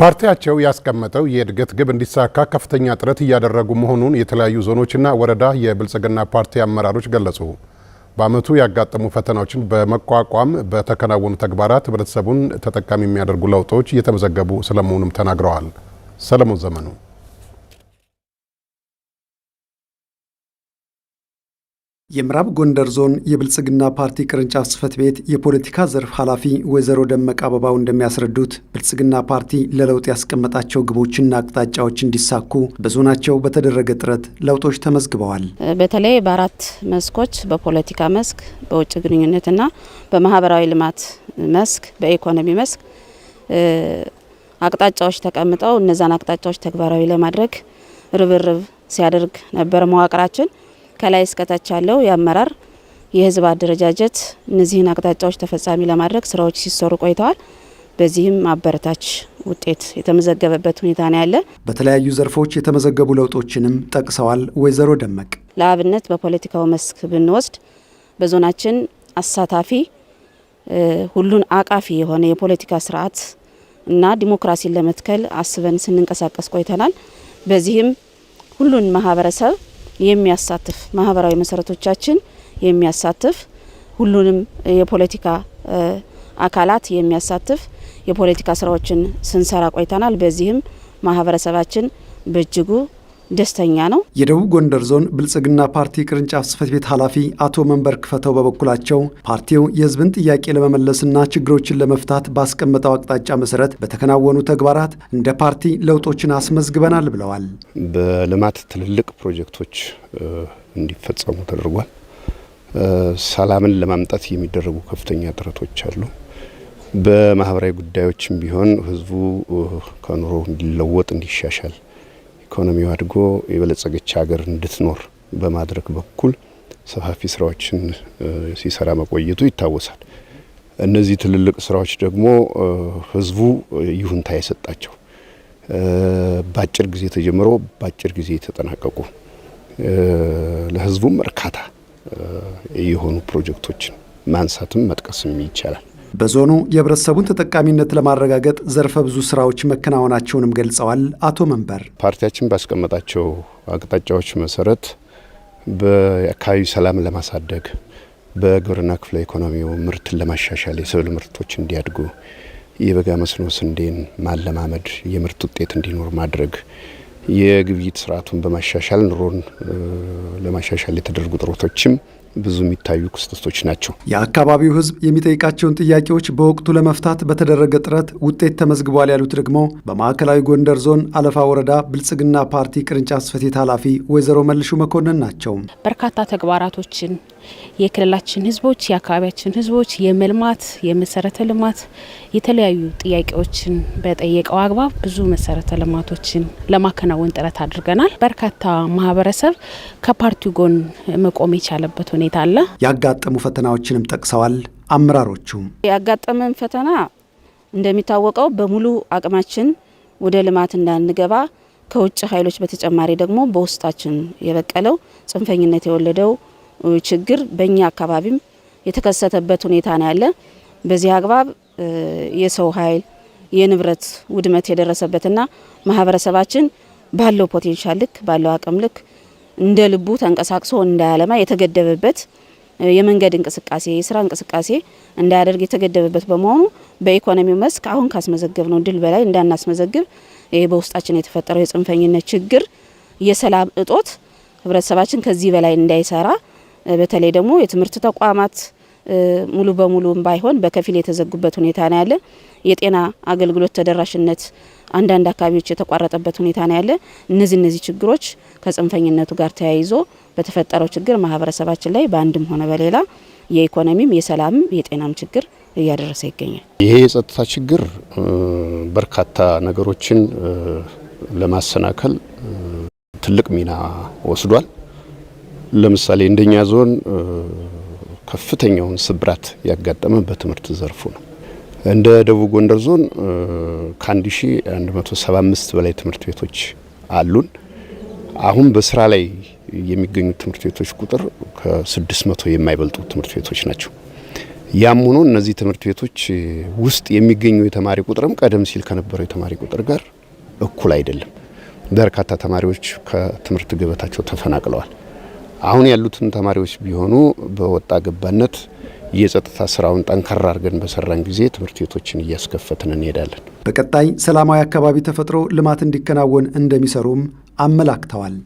ፓርቲያቸው ያስቀመጠው የእድገት ግብ እንዲሳካ ከፍተኛ ጥረት እያደረጉ መሆኑን የተለያዩ ዞኖችና ወረዳ የብልጽግና ፓርቲ አመራሮች ገለጹ። በዓመቱ ያጋጠሙ ፈተናዎችን በመቋቋም በተከናወኑ ተግባራት ህብረተሰቡን ተጠቃሚ የሚያደርጉ ለውጦች እየተመዘገቡ ስለመሆኑም ተናግረዋል። ሰለሞን ዘመኑ የምዕራብ ጎንደር ዞን የብልጽግና ፓርቲ ቅርንጫፍ ጽህፈት ቤት የፖለቲካ ዘርፍ ኃላፊ ወይዘሮ ደመቅ አበባው እንደሚያስረዱት ብልጽግና ፓርቲ ለለውጥ ያስቀመጣቸው ግቦችና አቅጣጫዎች እንዲሳኩ በዞናቸው በተደረገ ጥረት ለውጦች ተመዝግበዋል። በተለይ በአራት መስኮች በፖለቲካ መስክ፣ በውጭ ግንኙነትና በማህበራዊ ልማት መስክ፣ በኢኮኖሚ መስክ አቅጣጫዎች ተቀምጠው እነዛን አቅጣጫዎች ተግባራዊ ለማድረግ ርብርብ ሲያደርግ ነበር መዋቅራችን ከላይ እስከታች ያለው የአመራር የህዝብ አደረጃጀት እነዚህን አቅጣጫዎች ተፈጻሚ ለማድረግ ስራዎች ሲሰሩ ቆይተዋል። በዚህም አበረታች ውጤት የተመዘገበበት ሁኔታ ነው ያለ። በተለያዩ ዘርፎች የተመዘገቡ ለውጦችንም ጠቅሰዋል ወይዘሮ ደመቅ። ለአብነት በፖለቲካው መስክ ብንወስድ በዞናችን አሳታፊ ሁሉን አቃፊ የሆነ የፖለቲካ ስርዓት እና ዲሞክራሲን ለመትከል አስበን ስንንቀሳቀስ ቆይተናል። በዚህም ሁሉን ማህበረሰብ የሚያሳትፍ ማህበራዊ መሰረቶቻችን የሚያሳትፍ ሁሉንም የፖለቲካ አካላት የሚያሳትፍ የፖለቲካ ስራዎችን ስንሰራ ቆይተናል። በዚህም ማህበረሰባችን በእጅጉ ደስተኛ ነው። የደቡብ ጎንደር ዞን ብልጽግና ፓርቲ ቅርንጫፍ ጽህፈት ቤት ኃላፊ አቶ መንበር ክፈተው በበኩላቸው ፓርቲው የህዝብን ጥያቄ ለመመለስና ችግሮችን ለመፍታት ባስቀመጠው አቅጣጫ መሰረት በተከናወኑ ተግባራት እንደ ፓርቲ ለውጦችን አስመዝግበናል ብለዋል። በልማት ትልልቅ ፕሮጀክቶች እንዲፈጸሙ ተደርጓል። ሰላምን ለማምጣት የሚደረጉ ከፍተኛ ጥረቶች አሉ። በማህበራዊ ጉዳዮችም ቢሆን ህዝቡ ከኑሮ እንዲለወጥ እንዲሻሻል ኢኮኖሚው አድጎ የበለጸገች ሀገር እንድትኖር በማድረግ በኩል ሰፋፊ ስራዎችን ሲሰራ መቆየቱ ይታወሳል። እነዚህ ትልልቅ ስራዎች ደግሞ ህዝቡ ይሁንታ የሰጣቸው በአጭር ጊዜ ተጀምሮ በአጭር ጊዜ የተጠናቀቁ ለህዝቡም እርካታ የሆኑ ፕሮጀክቶችን ማንሳትም መጥቀስም ይቻላል። በዞኑ የህብረተሰቡን ተጠቃሚነት ለማረጋገጥ ዘርፈ ብዙ ስራዎች መከናወናቸውንም ገልጸዋል። አቶ መንበር ፓርቲያችን ባስቀመጣቸው አቅጣጫዎች መሰረት በአካባቢ ሰላም ለማሳደግ በግብርና ክፍለ ኢኮኖሚው ምርትን ለማሻሻል የሰብል ምርቶች እንዲያድጉ የበጋ መስኖ ስንዴን ማለማመድ የምርት ውጤት እንዲኖር ማድረግ የግብይት ስርዓቱን በማሻሻል ኑሮን ለማሻሻል የተደረጉ ጥረቶችም ብዙ የሚታዩ ክስተቶች ናቸው። የአካባቢው ህዝብ የሚጠይቃቸውን ጥያቄዎች በወቅቱ ለመፍታት በተደረገ ጥረት ውጤት ተመዝግቧል ያሉት ደግሞ በማዕከላዊ ጎንደር ዞን አለፋ ወረዳ ብልጽግና ፓርቲ ቅርንጫፍ ጽሕፈት ቤት ኃላፊ ወይዘሮ መልሹ መኮንን ናቸው። በርካታ ተግባራቶችን የክልላችን ህዝቦች፣ የአካባቢያችን ህዝቦች የመልማት የመሰረተ ልማት የተለያዩ ጥያቄዎችን በጠየቀው አግባብ ብዙ መሰረተ ልማቶችን ለማከናወን ጥረት አድርገናል። በርካታ ማህበረሰብ ከፓርቲው ጎን መቆም የቻለበት ሁኔታ አለ። ያጋጠሙ ፈተናዎችንም ጠቅሰዋል። አመራሮቹም ያጋጠመን ፈተና እንደሚታወቀው በሙሉ አቅማችን ወደ ልማት እንዳንገባ ከውጭ ኃይሎች በተጨማሪ ደግሞ በውስጣችን የበቀለው ጽንፈኝነት የወለደው ችግር በእኛ አካባቢም የተከሰተበት ሁኔታ ነው ያለ። በዚህ አግባብ የሰው ኃይል የንብረት ውድመት የደረሰበትና ማህበረሰባችን ባለው ፖቴንሻል ልክ ባለው አቅም ልክ እንደ ልቡ ተንቀሳቅሶ እንዳያለማ የተገደበበት የመንገድ እንቅስቃሴ የስራ እንቅስቃሴ እንዳያደርግ የተገደበበት በመሆኑ በኢኮኖሚው መስክ አሁን ካስመዘገብ ነው ድል በላይ እንዳናስመዘግብ ይህ በውስጣችን የተፈጠረው የጽንፈኝነት ችግር የሰላም እጦት ህብረተሰባችን ከዚህ በላይ እንዳይሰራ በተለይ ደግሞ የትምህርት ተቋማት ሙሉ በሙሉ ባይሆን በከፊል የተዘጉበት ሁኔታ ነው ያለ። የጤና አገልግሎት ተደራሽነት አንዳንድ አካባቢዎች የተቋረጠበት ሁኔታ ነው ያለ። እነዚህ እነዚህ ችግሮች ከጽንፈኝነቱ ጋር ተያይዞ በተፈጠረው ችግር ማህበረሰባችን ላይ በአንድም ሆነ በሌላ የኢኮኖሚም የሰላምም የጤናም ችግር እያደረሰ ይገኛል። ይሄ የጸጥታ ችግር በርካታ ነገሮችን ለማሰናከል ትልቅ ሚና ወስዷል። ለምሳሌ እንደኛ ዞን ከፍተኛውን ስብራት ያጋጠመ በትምህርት ዘርፉ ነው። እንደ ደቡብ ጎንደር ዞን ከ1175 በላይ ትምህርት ቤቶች አሉን። አሁን በስራ ላይ የሚገኙ ትምህርት ቤቶች ቁጥር ከ600 የማይበልጡ ትምህርት ቤቶች ናቸው። ያም ሆኖ እነዚህ ትምህርት ቤቶች ውስጥ የሚገኙ የተማሪ ቁጥርም ቀደም ሲል ከነበረው የተማሪ ቁጥር ጋር እኩል አይደለም። በርካታ ተማሪዎች ከትምህርት ገበታቸው ተፈናቅለዋል። አሁን ያሉትን ተማሪዎች ቢሆኑ በወጣ ገባነት የጸጥታ ስራውን ጠንከር አድርገን በሰራን ጊዜ ትምህርት ቤቶችን እያስከፈትን እንሄዳለን። በቀጣይ ሰላማዊ አካባቢ ተፈጥሮ ልማት እንዲከናወን እንደሚሰሩም አመላክተዋል።